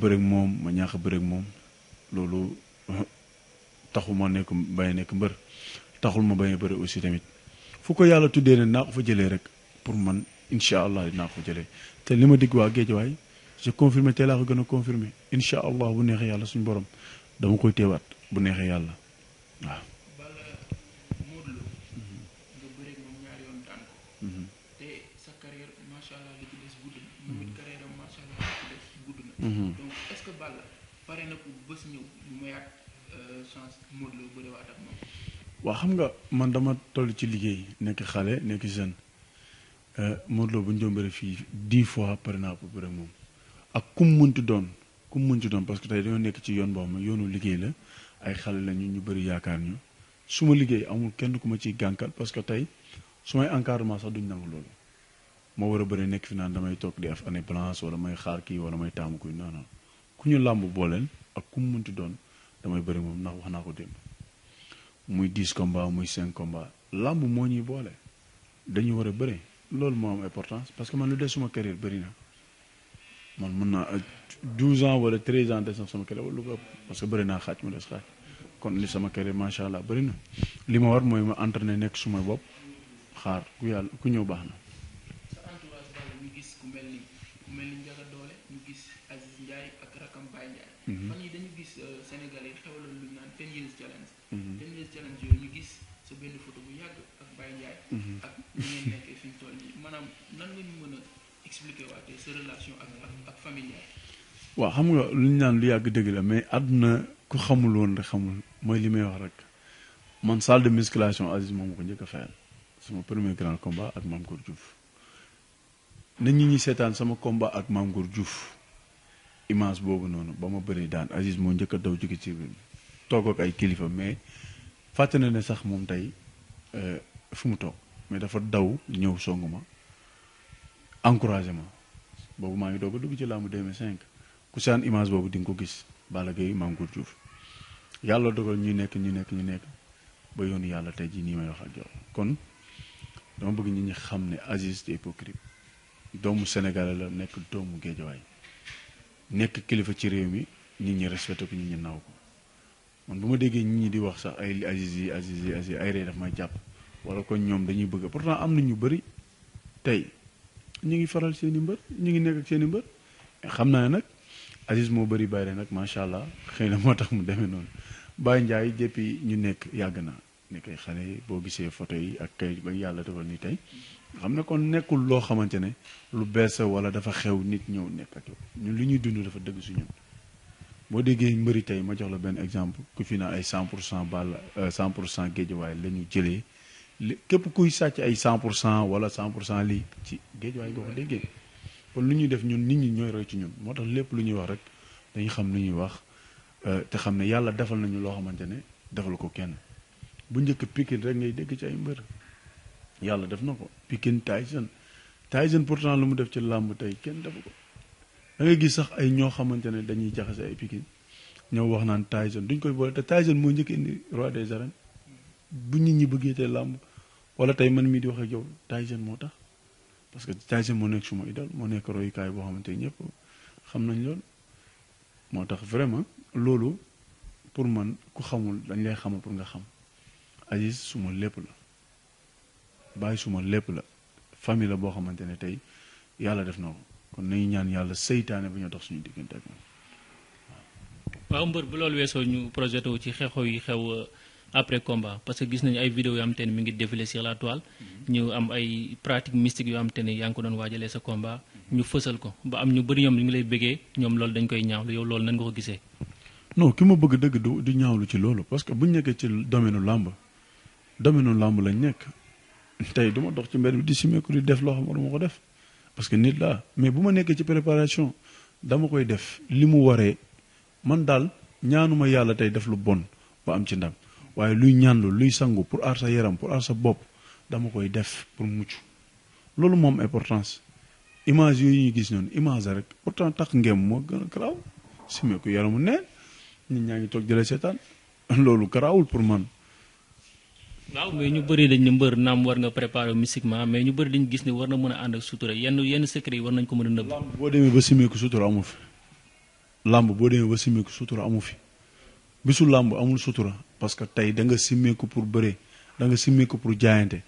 bëreeg moom ma ñaax a moom loolu taxul ma nekk bañ nekk mbër taxul ma bay a aussi tamit fu ko yàlla tuddee ne naa ko fa jëlee rek pour man incha allah di naa ko jëlee te li ma digg waa géejawaay je confirmé tey laa ko gën a confirmé incha allah bu neexee yàlla suñu borom dama koy teewaat bu neexee yàlla waaw. pare na pour bés ñëw ñu euh, xam nga man dama toll ci liggéey nekk xale nekk jeune euh, Modou bu ñu doon bëri fii dix fois pare naa pour bëri moom ak ku mu mënti doon ku mu mënti doon parce que tey dañoo nekk ci yoon boobu yoonu liggéey la ay xale la ñu ñu bëri yaakaar ñu su ma liggéey amul kenn ku ma ciy gànkal parce que tey su may encadrement sax duñ nangu loolu moo war a bëri nekk fi naan damay toog di def année blanche wala may xaar kii wala may taamu kuy non non ku ñu làmb booleel ak ku mu munti doon damay bëri moom ndax wax naa ko démb muy dix combat muy cinq combat làmb moo ñuy boole dañu war a bëri loolu moo am importance parce que man lu des suma carrière bëri na man mën naa euh, douze ans wala treize ans des na sama carrière wala parce que bëri naa xaaj mu des xaaj kon li sama carrière macha allah bëri na li ma war mooy ma entraîné nekk suma bopp xaar ku yàlla ku ñëw baax na. Mm-hmm. fan yi dañu gis euh, Sénégalais yi xewaloon lu naan ten years challenge mm-hmm. ten years challenge yooyu ñu gis sa benn photo bu yàgg ak Baye Ndiaye mm-hmm. ak ñu ngeen nekkee fi ñu toll nii maanaam nan nga ñu mën a expliquer waatee sa relation ak ak famille xam nga lu naan lu yàgg dëgg la mais àdduna ku xamul woon rek xamul mooy li may wax rek man salle de musculation Aziz moom ko njëkk a fayal sama premier grand combat ak Mame Goor Diouf na ñi ñu seetaan sama combat ak Mame Goor image boobu noonu ba ma bëree daan Aziz moo njëkk a daw jóge ci toog ak ay kilifa mais fàtte ne sax moom tey euh, fu mu toog mais dafa daw ñëw songu ma encouragé boobu maa ngi doog a dugg ci laamu 2005 ku saan image boobu di nga ko gis Balla man Mansour Diouf yàlla dogal ñu nekk ñu nekk ñu nekk ba yoonu yàlla tey jii nii may wax ak yow kon dama bëgg ñu ñi xam ne Aziz des hypocrite doomu sénégale la nekk doomu Géejawaay nekk kilifa ci réew mi nit ñi respecté ko nit ñi naw ko man bu ma déggee nit ñi di wax sax ay Aziz yi Aziz yi ay rey daf may jàpp wala kon ñoom dañuy bëgg pourtant am na ñu bëri tey ñu ngi faral seen i mbër ñu ngi nekk ak seen mbër xam naa nag Aziz moo bëri bàyyi nag macha allah xëy na moo tax mu demee noonu Baye Ndiaye depuis ñu nekk yàgg na nekk ay xale boo gisee photo yi ak kay ba yàlla defal ni tey. xam ne kon nekkul loo xamante ne lu bees wala dafa xew nit ñëw nekk ak ñun li ñuy dund dafa dëgg si ñun boo déggee mbëri tey ma jox la benn exemple ku fi na ay 100 pour cent Balla 100 euh, cent Géejawaay la ñu jëlee li képp kuy sàcc ay 100 pour cent wala 100 pour cent lii ci Géejawaay boo ko déggee kon lu ñuy def ñun nit ñi ñooy roy ci ñun moo tax lépp lu ñuy wax rek dañu xam lu ñuy wax euh, te xam ne yàlla defal nañu loo xamante ne defal ko kenn bu njëkk Pikine rek dégg ci ay mbër def na Pikine Tyson Tyson pourtant lu mu def ci làmb tey kenn defu ko da nga gis sax ay ñoo xamante ne dañuy jaxase ay Pikine ñëw wax naan Tyson duñ koy boole te Tyson moo njëkk indi roi des arènes bu nit ñi bëggee tey làmb wala tey man mii di waxee jow yow Tyson moo tax parce que Tyson moo nekk suma idole moo nekk royukaay boo xamante ne ñëpp xam nañ loolu moo tax vraiment loolu pour man ku xamul dañ lay xamal pour nga xam Aziz suma lépp la bàyyi suma lépp la famille la boo xamante ne tey def na kon nañu ñaan yàlla seytaane bu ñu dox suñu diggante ak moom waaw mbër bu loolu weesoo ñu projeté wu ci xew yi xew euh, après combat parce que gis nañ ay vidéo yu am mi ngi défilé sur la toile mm-hmm. ñu am ay pratique mystique yu am te ne yaa ngi ko doon waajalee sa combat ñu fësal ko ba am ñu bëri ñoom ñu ngi lay bëggee ñoom loolu dañ koy ñaawlu yow loolu nan nga ko gisee non ki ma bëgg dëgg du du ñaawlu ci loolu parce que nekkee ci domaine lamb domaine lamb lañ nekk tey du ma dox ci mbedd bi di simeeku di def loo xam waruma ko def parce que nit laa mais bu ma nekkee ci préparation dama koy def li mu waree man daal ñaanuma yàlla tey def lu bon ba am ci ndam waaye luy ñaanlu luy sangu pour aar sa yaram pour aar sa bopp dama koy def pour mucc loolu moom importance image yooyu ñu gis noonu image rek pour pourtant takk ngeem moo gën a garaaw simeeku yaramu neen nit ñaa ngi toog jëlee seetaan loolu garaawul pour man waaw mais ñu bëri dañ ne mbër naam war nga préparer mystiquement mais ñu bëri dañ gis ne war na mën a ànd ak sutura yenn yenn secret yi ko a nëbb. làmb boo demee ba simeeku sutura amu fi boo demee ba simeeku sutura amu fi bisu làmb amul sutura parce que tey da nga simeeku pour bëree da nga simeeku pour jaayante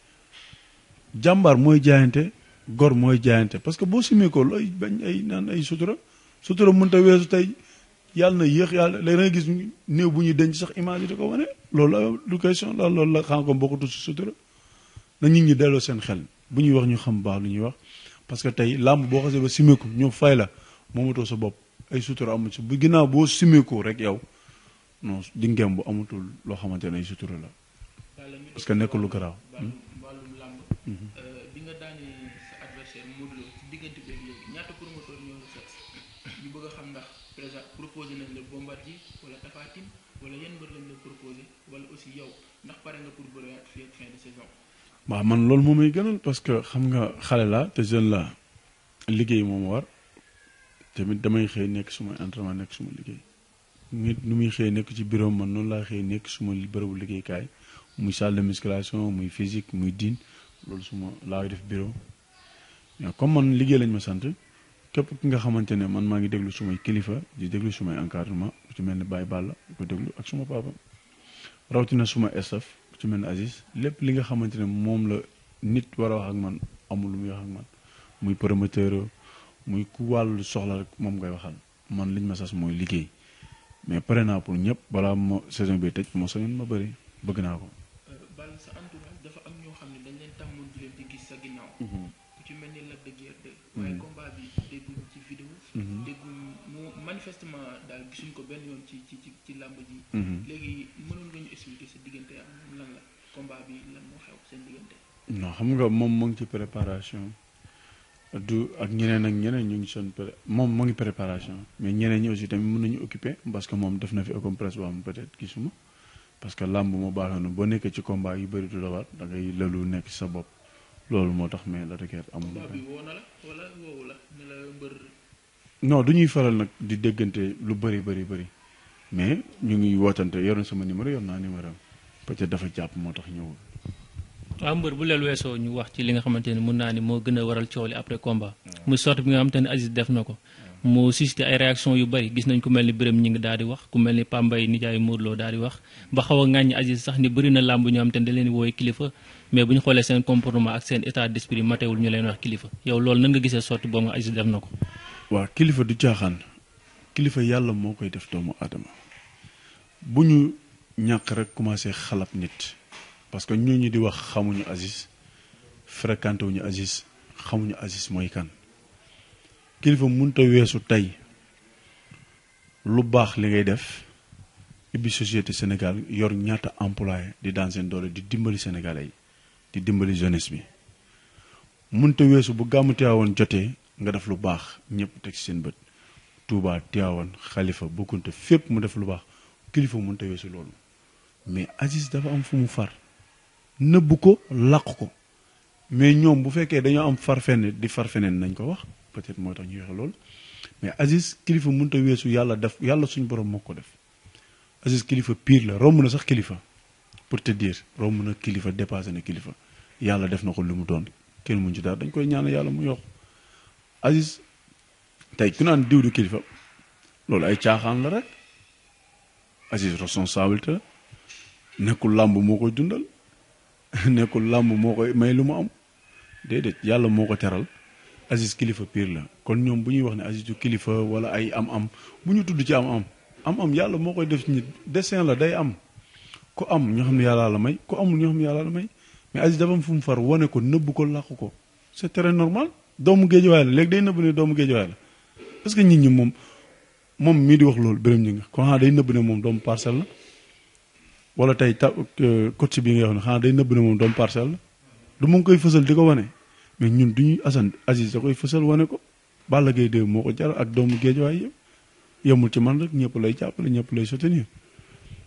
jàmbaar mooy jaayante gor mooy jaayante parce que boo simeekoo looy bañ ay naan ay sutura sutura mënut a weesu tey. yàlla na yéex yàlla léegi nga gis néew bu ñuy denc sax image yi di ko wane loolu la du question la loolu la xam si sutura na nit ñi delloo seen xel bu ñuy wax ñu xam baax lu ñuy wax parce que tey làmb boo xasee ba simeeku ñoom fay la moomatoo sa bopp ay sutura amu ci bu ginnaaw boo simeekoo rek yow non di ngeen bu amatul loo xamante ne ay sutura la. parce que nekk lu hmm? hmm. euh, a par exemple proposé nañ la Bombardier wala Tapha Tine wala yan mbër lañ la proposé wala aussi yow ndax pare nga pour bëriwaat fii ak fin de saison. waaw man loolu moom may gënal parce que xam nga xale laa te jeune laa liggéey moom war tamit damay xëy nekk suma entraînement nekk suma liggéey nit nu muy xëy nekk ci bureau man noonu laa xëy nekk suma bërëbu liggéeykaay muy salle de musculation muy physique muy diin loolu suma laa def bureau mais comme man liggéey lañ ma sant. képp ki nga xamante ne man maa ngi déglu sumay kilifa di déglu sumay encadrement ku ci mel ni Baye la ko déglu ak suma papa rawatina suma estaf ku ci mel ni Aziz lépp li nga xamante ne moom la nit war a wax ak man amul lu muy wax ak man muy promoteur muy ku wàllu soxla rek moom ngay waxal man liñ ma sas mooy liggéey mais pare naa pour ñëpp balaa ma saison bi tëj ma soñoon ma bëri bëgg naa ko. manifestement daal gisuñ ko benn yoon ci ci ci làmb ji. Mhm. léegi mënoon nga ñu expliquer sa diggante am lan la combat bi lan xew seen diggante. non xam nga moom mu ngi ci préparation du ak ñeneen ak ñeneen ñu ngi seen pré moom moo ngi préparation mais ñeneen ñi aussi tamit mun nañu occuper parce que moom def na fi open press boo xam peut-être gisuma parce que làmb moo baaxee noonu boo nekkee ci combat yu bëri du la waat da ngay lëlu nekk ci sa bopp loolu moo tax mais la requête amul. na la non du ñuy faral nag di déggante lu bëri bëri bëri mais ñu ngi wootante yoroon sama numéro yor naa numéro am peut-être dafa jàpp moo tax ñëwul. waaw mbër bu leel weesoo ñu wax ci li nga xamante ne mun naa ni moo gën a waral coow li après combat. muy sorte bi nga xamante ne Aziz def na ko. moo suscité ay réaction yu bëri gis nañ ku mel ni Birame ñi ngi daal di wax ku mel ni Pambay nijaayu Modou Lo daal di wax ba xaw a ŋàññi Aziz sax ni bëri na làmb ñoo xam te ne da leen wooye bu xoolee seen comportement ak seen état d'esprit matewul ñu leen wax yow loolu nan nga gisee sorte boobu nga Aziz def na ko wa kilifa du caaxaan kilifa yalla mo koy def doomu adama buñu ñak rek commencé nit parce que ñu di wax xamuñu Aziz fréquenté wuñu Aziz xamuñu Aziz moy kan kilifa munta weesu tay lu bax li ngay def ibi société Sénégal yor ñaata employé di dans un dole di dimbali sénégalais di dimbali jeunesse bi munta weesu bu gamu teewoon joté nga def lu baax ñëpp teg seen bët Touba Tiawan xalifa bokkunte fépp mu def lu baax kilifa mënut a weesu loolu mais Aziz dafa am fu mu far nëbbu ko làq ko mais ñoom bu fekkee dañoo am far fenn di far feneen nañ ko wax peut-être mooy tax ñu waxe loolu mais Aziz kilifa mun te weesu yàlla def yàlla suñu borom moo ko def Aziz kilifa pire la romb na sax kilifa pour te dire romb na kilifa dépassé na kilifa yàlla def na ko lu mu doon kenn muñ ci daal dañ koy ñaanal yàlla mu yokk. Aziz tey ku naan diw kilifa loolu ay caaxaan la rek Aziz responsabilité la nekkul làmb moo koy dundal nekkul làmb moo koy may lu mu am déedéet yàlla moo ko teral Aziz kilifa piir la kon ñoom bu ñuy wax ne Aziz kilifa wala ay am-am bu ñu tudd ci am-am am yàlla moo koy def ci desin la day am ko am ñoo xam ne yàlla la may ko amul ñoo xam ne yàlla la may mais Aziz dafa fu mu far wane ko nëbb ko làq ko c'est très normal. doomu géejuwaay la léegi day nëbb ne doomu géejuwaay la parce que nit ñi moom moom mii di wax loolu bërëm ñi nga kon xanaa day nëbb ne moom doomu parcelle la wala tey ta euh, coach bi nga wax ne xanaa day nëbb ne moom doomu parcelle la du mu ngi koy fësal di ko wane mais ñun du ñuy Assane Aziz da koy fësal wane ko Balla Gaye 2 moo ko jar ak doomu géejuwaay yëpp yemul ci man rek ñëpp lay jàppale ñëpp lay soutenir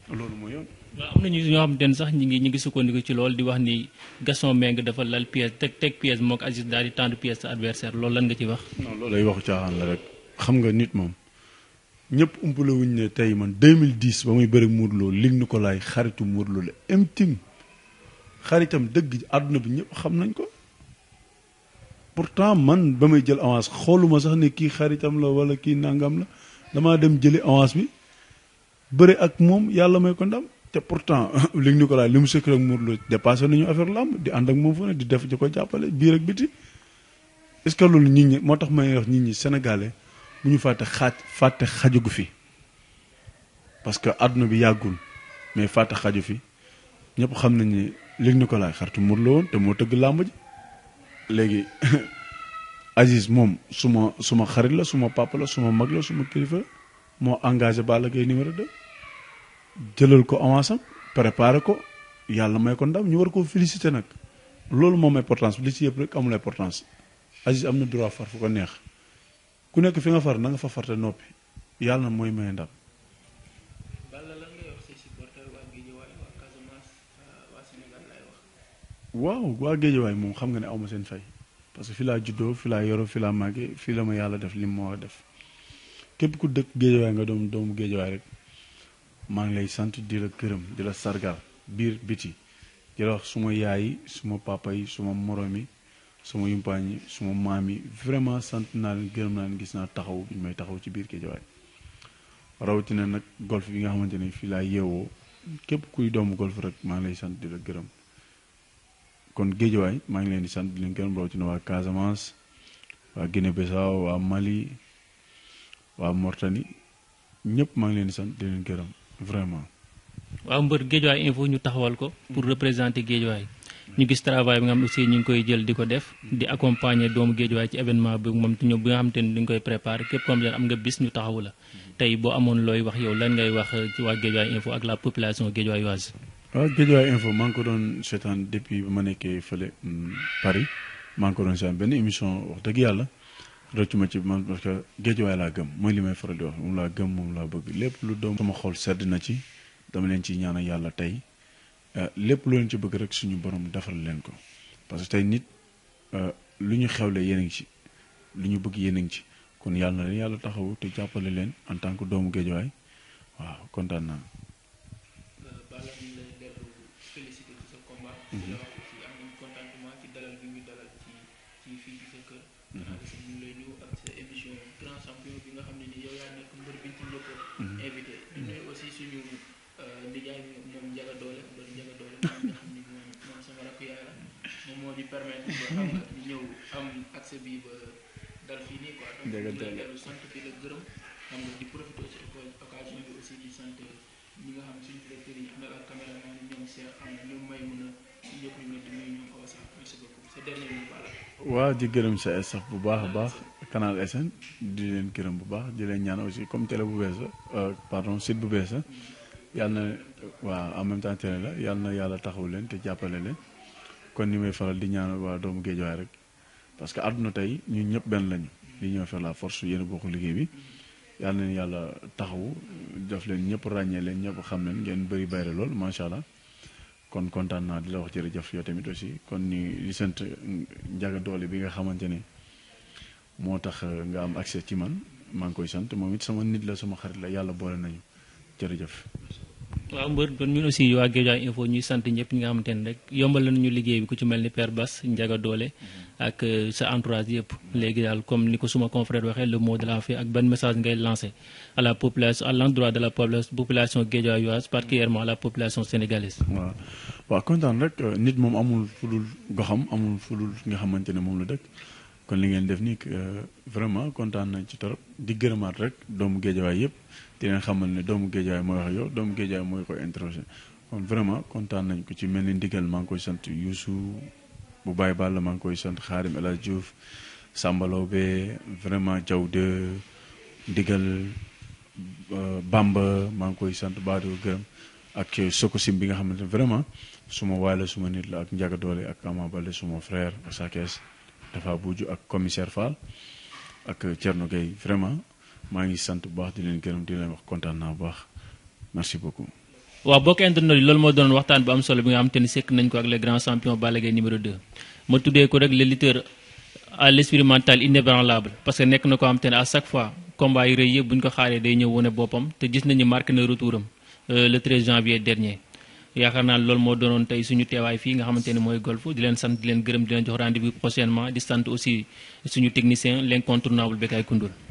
loolu mooy yoon waaw am na ñu ñoo xamante ne sax ñi ngi ñi ngi sukkandiku ci loolu di wax ni gason Mbengue dafa lal pièce teg teg pièce moo ko Aziz daal di tendre pièce sa adversaire loolu lan nga ci wax. non loolu ay waxu caaxaan la rek xam nga nit moom ñëpp umpale wuñ ne tey man 2010 ba muy bëri Modou Lo lig ni ko laay xaritu Modou Lo la emtim xaritam dëgg àdduna bi ñëpp xam nañ ko. pourtant man ba may jël avance xooluma sax ne kii xaritam la wala kii nangam la damaa dem jëli avance bi bëri ak moom yàlla may ko ndam. te pourtant Luc Nicolaï li mu sëkk ak Modou Lo dépassé nañu affaire lamb di ànd ak moom fu ne di def di ko jàppale biir ak biti est-ce que loolu nit ñi moo tax may wax nit ñi sénégalais bu ñu fàtte xaaj fàtte xajugu fi parce que àdduna bi yàggul mais fàtte xaju fi ñëpp xam nañ ni Luc Nicolaï xaritu Modou Lo woon te moo tëgg làmb ji léegi Aziz moom suma suma xarit la suma papa la suma mag la suma kilifa moo engagé Balla Gaye numéro 2 jëlal ko avance am préparé ko yàlla may ko ndam ñu war koo félicité nag loolu moom importance li ci yëpp rek amul importance Aziz am na droit far fu ko neex ku nekk fi nga far na nga fa farte noppi yàlla na mooy may ndam. waaw waa géejawaay moom xam nga ne awma seen fay parce que fi laa juddoo fi laa yoro fi laa màggee fi la ma yàlla def li mu def képp ku dëkk géejawaay nga doom doomu géejawaay rek maa ngi lay sant di la gërëm di la sargal biir biti di la wax suma yaay suma papa yi suma morom yi suma yumpaañ yi suma maam yi vraiment sant naa leen gërëm naa leen gis naa taxaw bi ñu may taxaw ci biir Géejawaay rawatina nag golf bi nga xamante ne fii laa yeewoo képp kuy doomu golf rek maa ngi lay sant di la gërëm kon Géejawaay maa ngi leen di sant di leen gërëm rawatina waa Casamance waa Guinée Bissau waa Mali waa Mauritanie ñëpp maa ngi leen di sant di leen gërëm. vraiment. waaw mbër géejuwaay info ñu taxawal ko. pour représenter géejuwaay. ñu gis travail bi nga xam aussi ñu ngi koy jël di ko def. di accompagner doomu géejuwaay ci événement bi moom ñu bi nga xam te ne koy préparer képp comme am nga bis ñu taxawu la. tey boo amoon looy wax yow lan ngay wax ci waa géejuwaay info ak la population géejuwaayoise. waaw géejuwaay info maa ngi ko doon seetaan depuis ba ma nekkee fële hmm, Paris maa ngi ko doon seetaan benn émission wax dëgg yàlla. rëccuma ci man parce que géejuwaay laa gëm mooy li may faral di wax moom laa gëm moom laa bëgg lépp lu doom sama xol sedd na ci dama leen ci ñaanal yàlla tey euh, lépp lu leen ci bëgg rekk suñu borom defaral leen ko parce que tey nit euh, lu ñu xewle yéen a ngi ci lu ñu bëgg yéen a ngi ci kon yàlla na leen yàlla taxawu te jàppale leen en tant que doomu géejuwaay waaw kontaan naa. ñu lay nuyu ak sa émission grand champion bi nga xam ne ni yow yaa nekk mbër bi ci njëkk invité di nuyu aussi suñu nijaay bi moom Njaga Doole mbër Njaga Doole nga xam ne moom sama rakk yaay la moom moo ñu permettre ba xam nga ñëw am accès bi ba dal fii nii quoi donc ñu lay dellu sant bi la gërëm xam nga di profité ci occasion bi aussi di sant ñi nga xam suñu directeur yi am na ak caméraman ñoom Cheikh xam nga ñoom may mun a waa di gërëm sa staff bu baax a baax Canal SN di leen gërëm bu baax di leen ñaan aussi comme télé bu bees euh, pardon site bu bees yàlla na waaw en même temps la yàlla na yàlla taxaw leen te jàppale leen kon ni may faral di ñaan waa doomu Géejawaay rek parce que àdduna tey ñu ñëpp benn lañu li ñoo faire la force yéen a liggéey bi yàlla na yàlla taxawu def leen ñëpp ràññee leen ñëpp xam leen ngeen bëri bayre lool macha allah. kon kontaan naa di la wax jërëjëf yow tamit aussi kon ni di sant njaga doole bi nga xamante ne moo tax nga am accès ci man maa ngi koy sant moom it sama nit la sama xarit la yàlla boole nañu jërëjëf waaw mbër kon ñun aussi waa Guédiawaye info ñuy sant ñëpp ñi nga xamante ne rek yombal nañu liggéey bi ku ci mel ni Père Bass Ndiaga Doole ak euh, sa entourage yëpp léegi daal comme ni ko suma confrère waxee le mot de la fin ak ben message ngay lancé à la population à l'endroit de la population guédiawayoise particulièrement à la population sénégalaise waaw waaw kontaan rek euh, nit moom amul fu goxam amul fu nga xamante ne moom la dëkk kon li ngeen def nii euh, vraiment kontaan nañ ci torop di gërëmaat rek doomu Guédiawaay yëpp dina xamal ne doomu géejaay moy wax yow doomu géejaay moy ko interroger kon vraiment kontaan nañ ko ci melni ndigal ma koy sant yusu bu Baye Ball ma ngi koy sant kharim El djouf Diouf vraiment de ndigal euh, Bamba ma ngi koy sant Badou gërëm ak sim bi nga xamante vraiment suma wala suma nit la ak Ndiaga dole ak Ama balé suma frère Sakes dafa buju ak commissaire Fall ak tierno gay vraiment maa ngi sant bu baax di leen gërëm di leen wax kontaan naa bu baax merci beaucoup. waaw bokk internet yi loolu moo doon waxtaan bu am solo bi nga xam te ni sekk nañ ko ak les grands champions Balla Gaye numéro 2 ma tuddee ko rek le lutteur à l'esprit mental inébranlable parce que nekk na ko xam te ne à chaque fois combat yi rëy yëpp bu ñu ko xaaree day ñëw wane boppam te gis nañu marqué na retouram euh, le 13 janvier dernier. yaakaar naa loolu moo doonoon tey suñu teewaay fii nga xamante ne mooy golf di leen sant di leen gërëm di leen jox rendez-vous prochainement di sant aussi suñu technicien l'incontournable Bekay Koundoul